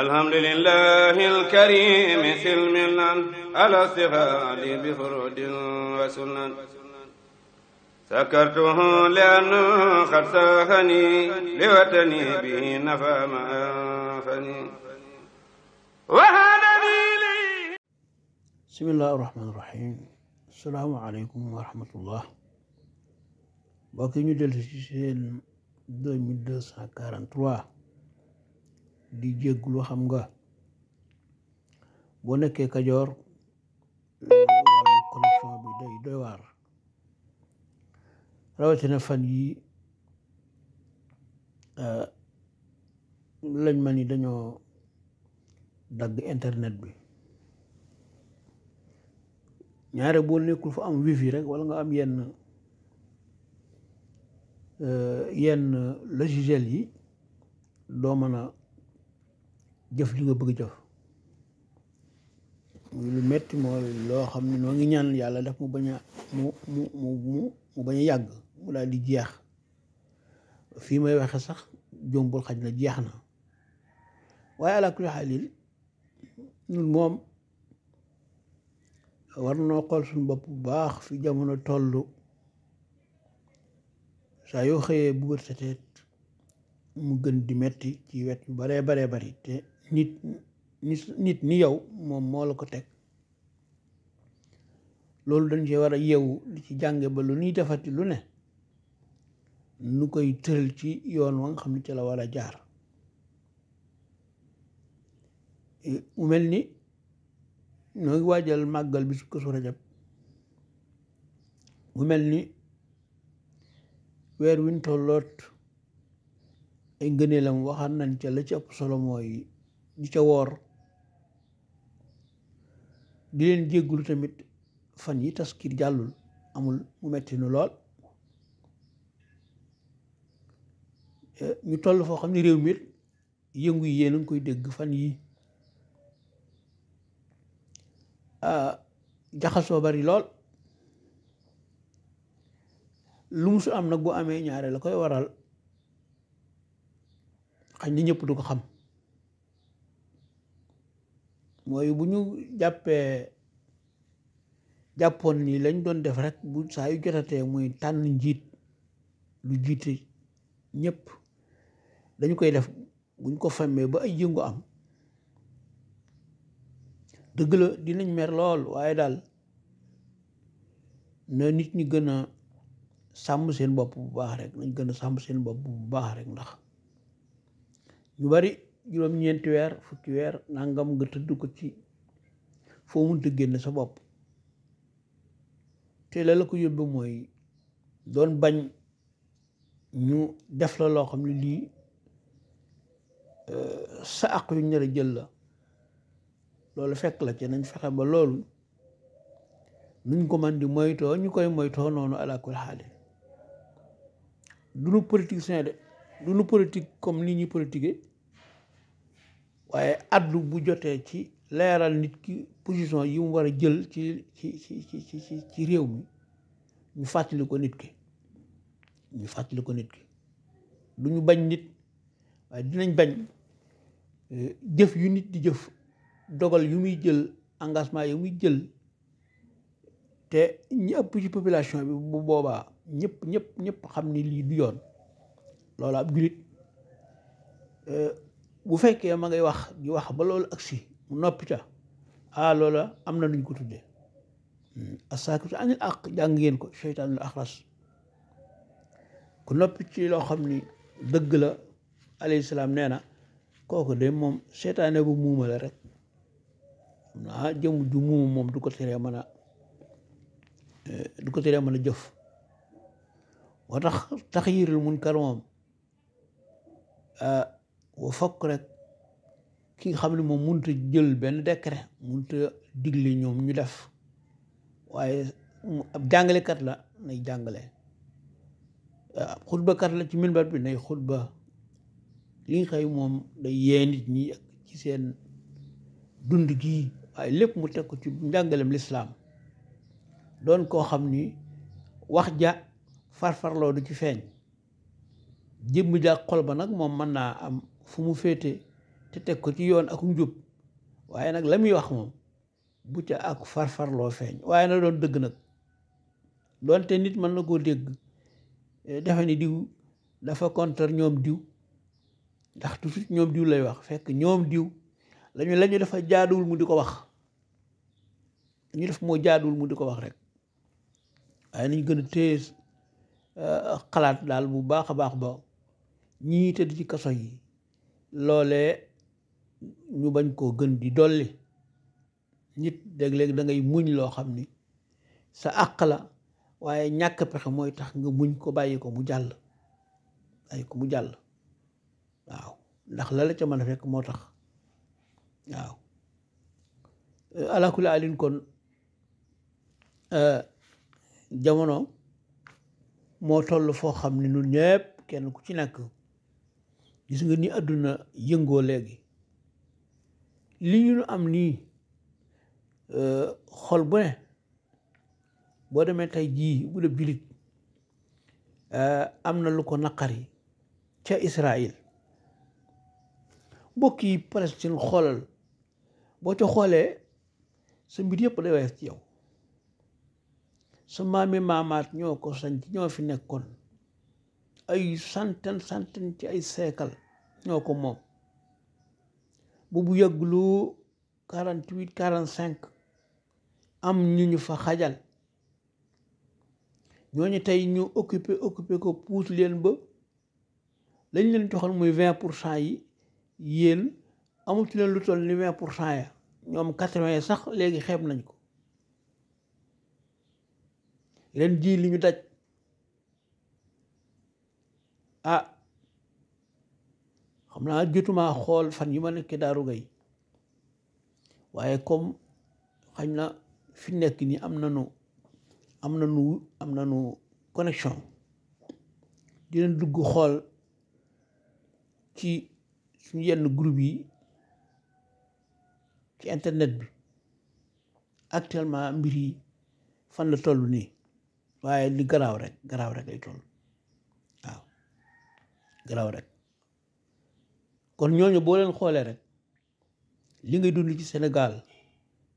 alhamdulillahi alkarimi silmilan alastifaad bifurud wa sunan sakartuhu lianna qad saafani liwatani bihi nafa ma anfani bismillahi rahmaani rahiim asalaamu aleykum wa rahmatullah mbokk yi ñu dellu ci seen 2243 di jégglu xam nga boo nekkee kajoor wàllu connexion bi day waar rawatina fan yi eh, lañ ma yi dañoo dagg internet bi ñaare boo nekkul fa am wifi rek wala nga am yenn eh, yenn logiciel yi doo mën a jëf li nga bëgg jëf muy lu metti mooy loo xam ne noo ngi ñaan yàlla daf mu bañ a mu mu mu mu bañ a yàgg mu daal di jeex fii may waxe sax jombul xaj na jeex na waaye ala kulli xaalil ñun moom war noo xool suñu bopp bu baax fi jamono toll saa yoo xëyee bu bët seteet mu gën di metti ci wet yu baree bare bari te nit ni yow moom moo la ko teg loolu dañ ci war a yeewu di ci jànge ba lu ñuy defati lu ne nu koy tëral ci yoon wa nga xam ne ci la war a jaar mu mel ni noo ngi waajal màggal bi su ko su rajab mu mel ni weer win tolloot ay ngëneelam waxaan nañ ca la ci ëpp solo mooy di ca woor di leen jéggulu tamit fan yi taskir jàllul amul mu metti nu lool eh, ñu toll foo xam ne réew mi yëngu yi yéen a ngi koy dégg fan yi ah, jaxasoo bari lool lu mu am nag bu amee ñaare la koy waral xañ na ñëpp du ko xam mooy bu ñu jàppee jàppoon nii lañ doon def rek bu saa yu jotatee muy tànn njiit lu jiite ñëpp dañu koy def buñ ko femmee ba ay yëngu am dëgg dinañ mer lool waaye daal na nit ñi gën a sàmm seen bopp baax rek nañ gën a sàmm seen bopp bu baax rek ndax ñu bari juróom-ñeenti weer fukki weer nangam nga tëdd ko ci foo munta génn sa bopp te la la ko yóbbe mooy doon bañ ñu def la loo xam ne lii euh, sa àq yu ñëra jël la loolu fekk la ci nañ fexe ba loolu nuñ ko man di moytoo ñu koy moytoo noonu alakul xaali du nu politique sen de du nu politique comme ni ñuy politiquer waaye addu bu jotee ci leeral nit ki position yi mu war a jël ci ci ci ci réew mi ñu fàttali ko nit ki ñu fàttali ko nit ki du ñu bañ nit waaye dinañ bañ euh, jëf yu nit di jëf dogal yu muy jël engagement yu muy jël te ñi ëpp ci population bi bu boobaa ñëpp ñëpp ñëpp xam ni lii du yoon loolu ab jullit euh, bu fekkee ma ngay wax di wax ba loolu agsi mu noppi ca ah loola am na nuñ ko tuddee hmm. asaakitu anil aq jàng ngeen ko seytaanul axras ku noppi ci loo xam ni dëgg la alayhi salaam nee na kooku de moom seytaane bu muuma la rek ah jëm ju muuma moom du ko teree mën a eh, du ko teree mën a jëf moo tax moom ah, wa fokk rek ki xam ne moom munta jël benn décret munta digle ñoom ñu def waaye ab jàngalekat la nay jàngale ab xutbakat la ci minbar bi nay xutba li nga xëy moom day yee nit ñi ci seen dund gii waaye lépp mu teg ko ci njàngalem lislaam doon koo xam ni wax ja farfarloo du ci feeñ jëmm jaag xol ba nag moom mën naa am fu mu féete te teg ko ci yoon ak njub waaye nag la muy wax moom bu ca ak farfarloo feeñ waaye na doon dëgg nag doonte nit mën na koo dégg eh, defe ni diw dafa contre ñoom diw ndax toujours ñoom diw lay wax fekk ñoom diw lañu lañu dafa jaaduwul mu di ko wax ñu def moo jaaduwul mu di ko wax rek waaye nañ gën a téye eh, xalaat daal bu baax a baax ba ñii tëdd ci kaso yi loolee ñu bañ koo gën di dolli nit léeg-léeg dangay ngay muñ loo xam ni sa àq la waaye ñàkk pexe mooy tax nga muñ ko bàyyi ko mu jàll bàyyi ko mu jàll waaw ndax la la ca mën a fekk moo tax waaw alakuli alin kon euh, jamono moo toll foo xam ne nun ñëpp kenn ku ci nekk gis nga ni àdduna yëngoo léegi li ñu am nii euh, xol bu ne boo demee tey jii bu dee bilit euh, am na lu ko naqari ca Israël mbokk yi Palestine xoolal boo ca xoolee sa mbir yëpp day wees ci yow sa maami maamaat ñoo ko sanc ñoo fi nekkoon ay centaine centaine ci ay siècle ñoo ko moom bu bu yëglu quarante huit quarante cinq am ñu ñu fa xajal ñooñu tey ñu occupé occupé ko puus leen ba lañ leen joxoon muy vingt pour cent yi yéen amatu leen lu toll ni vingt pour cent ya ñoom quatre-vingts sax léegi xeeb nañ ko ren jii li ñu daj ah xam naa jotumaa xool fan yi ma nekkee daaru gay waaye comme xañ na fi nekk ni am nanu am nanu am nanu connexion dinañ dugg xool ci suñu yenn groupe yi ci internet bi actuellement mbir yi fan la toll nii waaye li garaaw rek garaaw rek lay toll garaaw rek kon ñooñu boo leen xoolee rek li ngay dund ci Sénégal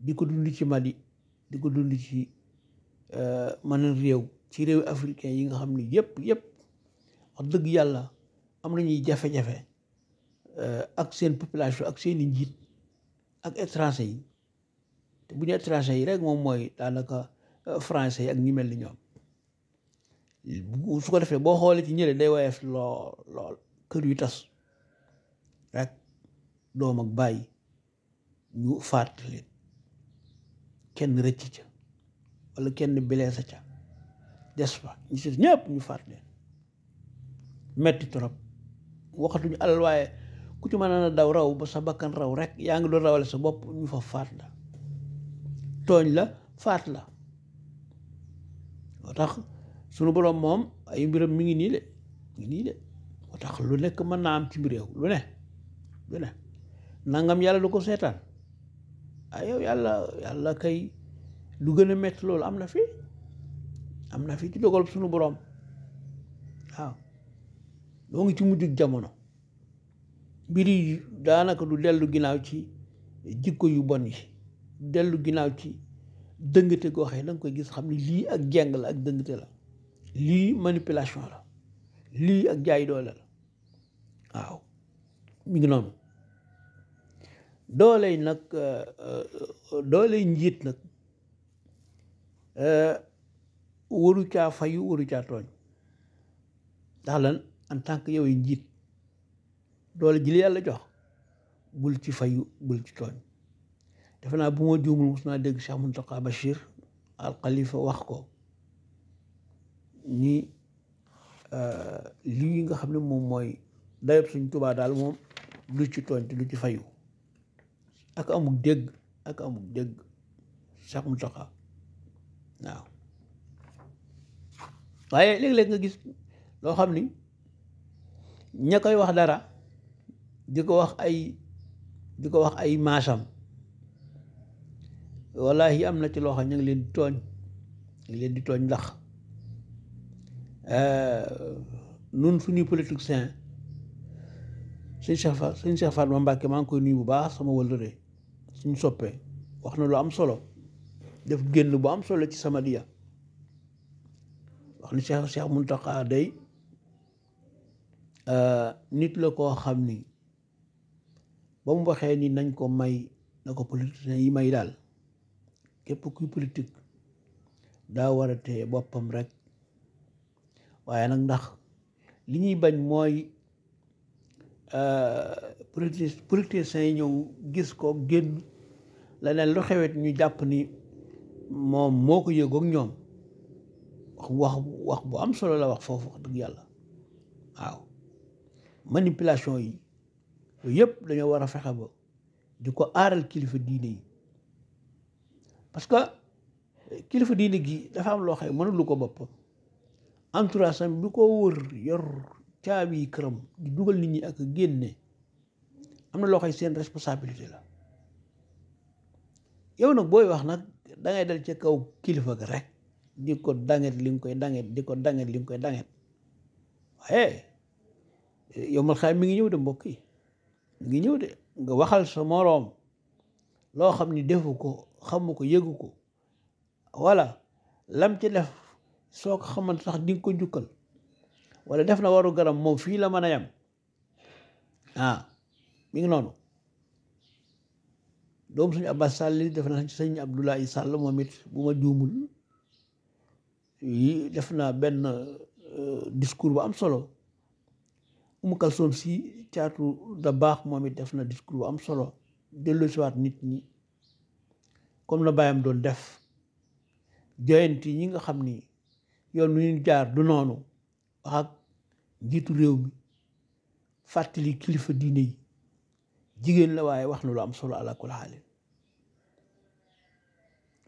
di ko dund ci Mali di ko dund ci euh, manen réew ci réew africain yi nga xam ni yëpp yëpp wax dëgg yàlla am na ñuy jafe-jafe euh, ak seen population ak seen njiit ak étranger yi te bu ñu étranger yi rek moom mooy daanaka euh, français yi ak ñi mel ni ñoom su ko defee boo xoolee ci ñële day woyof lool lool kër yu tas rek doom ak bàyyi ñu faat leen kenn rëcc ca walla kenn bileesa ca des fa ñu si ñëpp ñu faat leen metti trop waxatuñu alal waaye ku ci mën a daw raw ba sa bakkan raw rek yaa ngi doon rawale sa bopp ñu fa faat la tooñ la faat la moo tax sunu boroom moom ay mbiram mi ngi nii de ngi nii de moo tax lu nekk mën naa am ci mbir yow lu ne lu ne nangam yàlla du ko seetaan ah yow yàlla yàlla kay lu gën a métti loolu am na fi am na fi ci dogal sunu boroom waaw loo ngi ci mujjug jamono mbir yi daanaka du dellu ginnaaw ci jikko yu bon yi dellu ginnaaw ci dëngate goo xëy da nga koy gis xam ne lii ak jeng la ak dëngte la lii manipulation la lii ak jaay doole la waaw mi ngi noonu dooley nag euh, euh, dooley njiit nag euh, waru caa fayu waru caa tooñ ndax lan en tant que yow njiit doole ji la yàlla jox bul ci fayu bul ci tooñ defe naa bu ma juumul mos naa dégg Cheikh Muntaqa Bachir al Khalifa wax ko ni euh, lii nga xam ne moom mooy dayob suñ tubaa daal moom lu ci tooñ te lu ci fayu ak amul dégg ak amul dégg sax mu soxa waaw waaye léeg-léeg nga gis loo xam ni ña koy wax dara di ko wax ay di ko wax ay maasam wallahi am na ci loo ña ngi leen di tooñ ñu ngi leen di tooñ ndax Euh, nun suñuy politicien suñ Cheikh Fall suñ Cheikh Fall ma Mbàkke maa ngi koy nuyu bu baax sama wëllëre suñ soppee wax na lu am solo def génn bu am solo ci sama diya wax ni Cheikh Cheikh Muntaxa day euh, nit la koo xam ni ba mu waxee ni nañ ko may na ko politicien yi may daal képp kuy politique daa war a téye boppam rek waaye nag ndax li ñuy bañ mooy euh, politiciens yi ñëw gis kook génn leneen lu xewet ñu jàpp ni moom moo ko yëgoog ñoom wax wax bu am solo la wax foofu wax dëgg yàlla waaw manipulation yi yooyu yëpp dañoo war a fexe ba di ko aaral kilifa diine yi parce que kilifa diine gi dafa am loo xam mënul lu ko bopp entourage am bi ko wër yor caabi këram di dugal nit ñi ak génne am na loo xay seen responsabilité la yow nag booy wax nag dangay dal ca kaw kilifa ga rek di ko danget li nga koy danget di ko dangeet li nga koy danget waaye yow mal xaay mi ngi ñëw de mbokk yi mi ngi ñëw de nga waxal sa moroom loo xam ni defu ko xamu ko yëgu ko voilà lam ci def soo ko xamante sax di ko jukkal wala def na waru garam moom fii la mën a yem ah mi ngi noonu doom suñu Abbas Sall def na ci sëñ Abdoulaye Sall moom it bu ma juumul yii def na benn euh, discours bu am solo Umu Kalsoom si caatu da baax moom it def na discours bu am solo dellu si waat nit ñi comme la bàyyam doon def yi ñi nga xam ni yoon nu ñu jaar du noonu wax ak njiitu réew mi fàttali kilifa diine yi jigéen la waaye wax na lu am solo ala kulli haal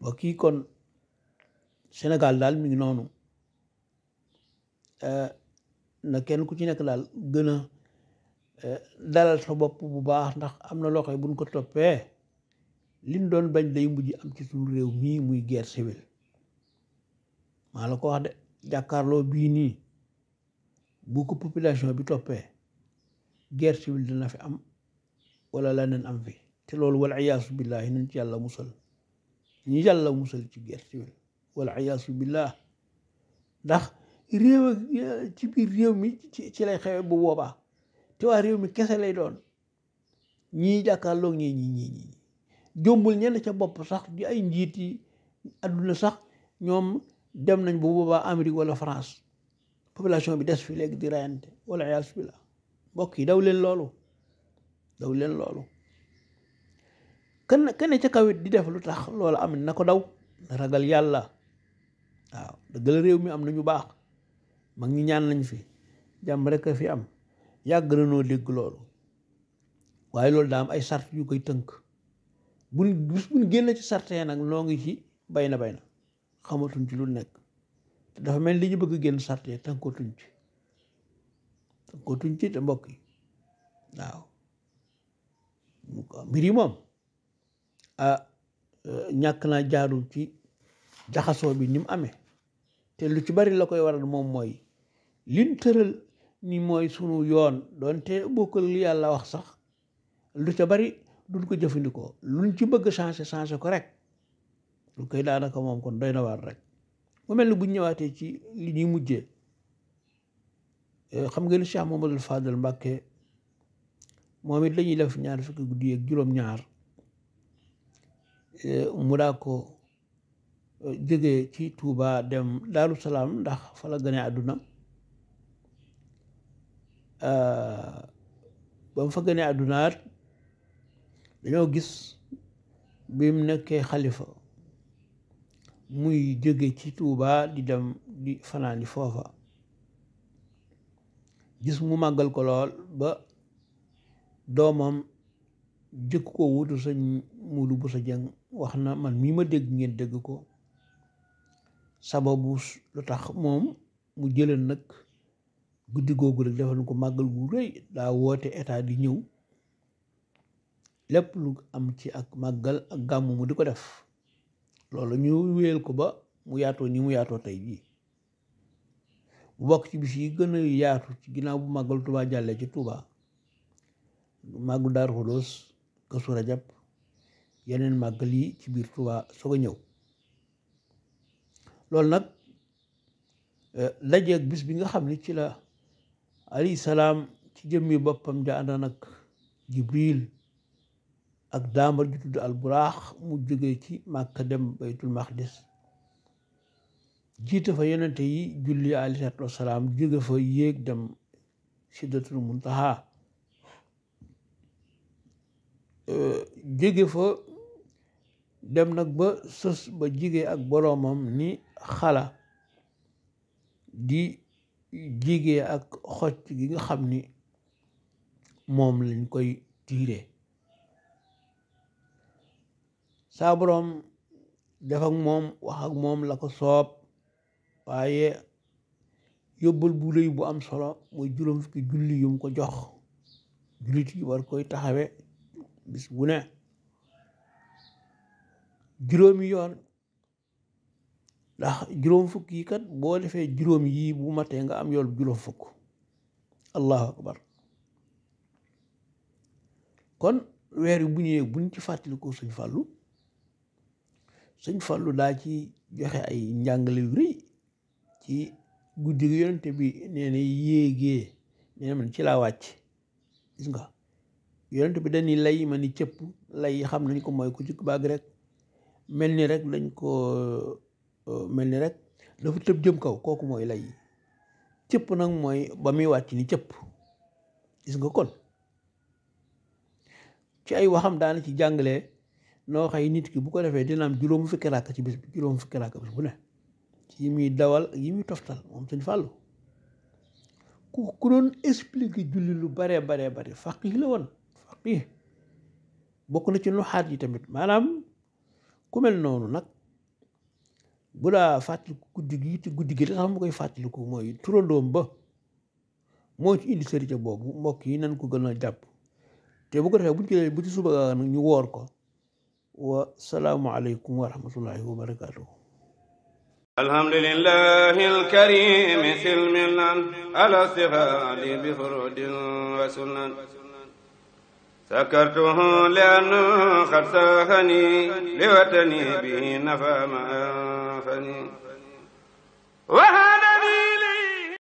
ba kii kon Sénégal daal mi noonu eh, na kenn ku ci nekk daal gën a eh, dalal sa bopp bu baax ndax am na loxo buñ ko toppee liñ doon bañ day mujj am ci suñu réew mii muy guerre civile maa la ko wax de jàkkaarloo bii nii bu ko population bi toppee guerre civile dina fi am wala leneen am fi te loolu wal iyaasu billahi nañ ci yàlla musal ñu yàlla musal ci guerre civile wal iyaasu billah ndax réew ci biir réew mi ci lay xewe bu boobaa te waa réew mi kese lay doon ñii jàkkaarloog ñii ñii ñii ñii jombul ñenn ca bopp sax di ay njiit yi sax ñoom dem nañ bu boobaa Amérique wala France population bi des fi léegi di rayante wala iyaas la mbokk yi daw leen loolu daw leen loolu kan kan ca kawit di def lu tax loolu am na ko daw ragal yàlla waaw dëgg réew mi am nañu baax mag ñi ñaan nañ fi jàmm rek a fi am yàgg na noo dégg loolu waaye loolu daa ay sart yu koy tënk buñ buñ génn ci nag noo ngi ci bay na bay xamatuñ ci lu nekk dafa mel ni ñu bëgg génn sart yi tënkootuñ ci tënkootuñ ci te mbokk yi waaw mbir yi moom ah eh, ñàkk naa jaarul ci jaxasoo bi ni mu amee te lu ci bari la koy waral moom mooy liñ tëral ni mooy sunu yoon doonte bokkal li yàlla wax sax lu ca bari duñ ko jëfandikoo luñ ci bëgg changer changer ko rek lu daanaka moom kon doy na waar rek mu mel ni buñ ñëwaatee ci li ñuy mujjee eh, xam nga li Cheikh Mamadou Fadal moom it la ñuy def ñaar fukki guddi ak juróom-ñaar eh, mu daa ko eh, jógee ci Touba dem Daaru Salaam ndax fala la gane àdduna ba mu fa gane àddunaat dañoo gis bi mu nekkee xalifa muy jóge ci Tuuba di dem di fanaan foofa gis mu màggal ko lool ba doomam jëkk ko wutu sëñ Muudu bu sa jëng wax na man mii ma dégg ngeen dégg ko sababu lu tax moom mu jëleen nag guddi googu rek defal ko màggal gu rëy daa woote état di ñëw lépp lu am ci ak màggal ak gàmmu mu di ko def lool ñu wéyal ko ba mu yaatoo ni mu yaatoo tey jii mu bokk ci bis yi gën a yaatu ci ginnaaw bu màggal Tuubaa jàllee ci Tuubaa màggu Daaru Xudoos Kazu Rajab yeneen màggal yi ci biir tuba soog a ñëw loolu nag e, dajeeg bis bi nga xam ne ci la alayhi salaam ci jëmmi boppam ja ànda nag Jibril ak daamar ju tudd alburaax mu jóge ci màkka dem baytul maqdis jiite fa yonente yi julli alayhi salaatu wasalaam jóge fa yéeg dem sidratul muntaha jóge fa dem nag ba sës ba jige ak boroomam ni xala di jige ak xocc gi nga xam ni moom lañ koy tiire saa boroom moom wax ak moom la ko soob waaye yóbbal bu rëy bu am solo mooy juróom fukki julli yum ko jox jullit yi koy taxawe bis bu ne juróomi yoon ndax juróom fukk yi kat boo defee juróom yi bu matee nga am yool juróom fukk allahu akbar kon weer yi bu ñëwee buñ ci fàttali ko suñ fàllu sëñ Fallou daa ci joxe ay njàngale yu ci guddi gi yonente bi nee na man ci laa wàcc gis nga yonente bi dañuy lay ma ni cëpp lay xam nañ ko mooy ku ci baag rek mel ni rek lañ ko mel ni rek dafa tëb jëm kaw kooku mooy lay cëpp nag mooy ba muy wàcc ni cëpp gis nga kon ci ay waxam daana ci jàngale noo xay nit ki bu ko defee dina am juróomu fukki raaka ci bis juróomu bu ne yi muy dawal yi muy toftal moom sëñ Fallou ku doon expliqué julli lu baree baree bare faqih la woon faqih bokk na ci nuxaat yi tamit maanaam ku mel noonu nag bu laa fàttaliku guddi gi te guddi gi la sax mu koy fàttaliku mooy turandoom ba moo ci indi sëriñ boobu mbokk yi nan ko gën a jàpp te bu ko defee buñ ci bu ci suba nag ñu woor ko wa salaamu aleykum wa rahmatullahi wa barakaatuhu alhamdulillahi alkarim silmilan ala sihaali bi furudin wa sunan sakartuhu liannu qad sahani liwatani bihi nafa ma anfani